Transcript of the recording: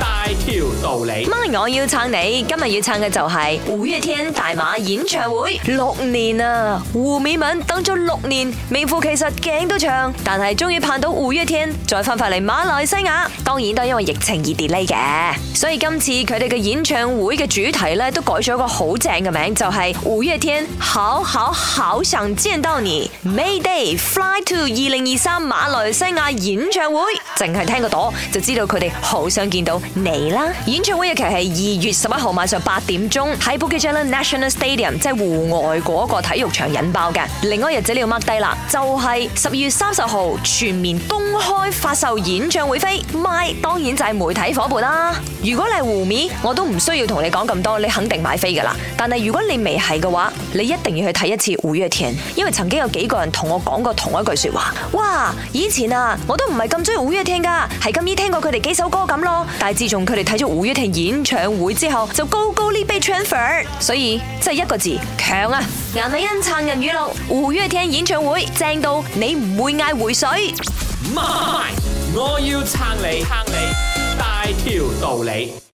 大條道理，媽，我要撐你。今日要撐嘅就係五月天大馬演唱會，六年啊，胡美文等咗六年，名副其實勁都長。但係終於盼到五月天再翻返嚟馬來西亞，當然都係因為疫情而 delay 嘅。所以今次佢哋嘅演唱會嘅主題呢，都改咗個好正嘅名，就係、是、五月天好好好想見到你，May Day Fly to 二零二三馬來西亞演唱會。淨係聽個朵，就知道佢哋好想見到。你啦，演唱會日期係二月十一號晚上八點鐘，喺 Bukit Jalil National Stadium，即係戶外嗰個體育場引爆嘅。另外日子你要 mark 低啦，就係十二月三十號全面公開發售演唱會飛，My 當然就係媒體伙伴啦。如果你係五迷，我都唔需要同你講咁多，你肯定買飛噶啦。但係如果你未係嘅話，你一定要去睇一次《五月天》，因為曾經有幾個人同我講過同一句說話，哇，以前啊，我都唔係咁中意《五月天》噶，係咁易聽過佢哋幾首歌咁咯，但自從佢哋睇咗胡月婷演唱會之後，就高高呢杯 transfer，所以即係一個字強啊！顏麗欣撐人語錄，胡月婷演唱會正到你唔會嗌回水。我要撐你，撐你大條道理。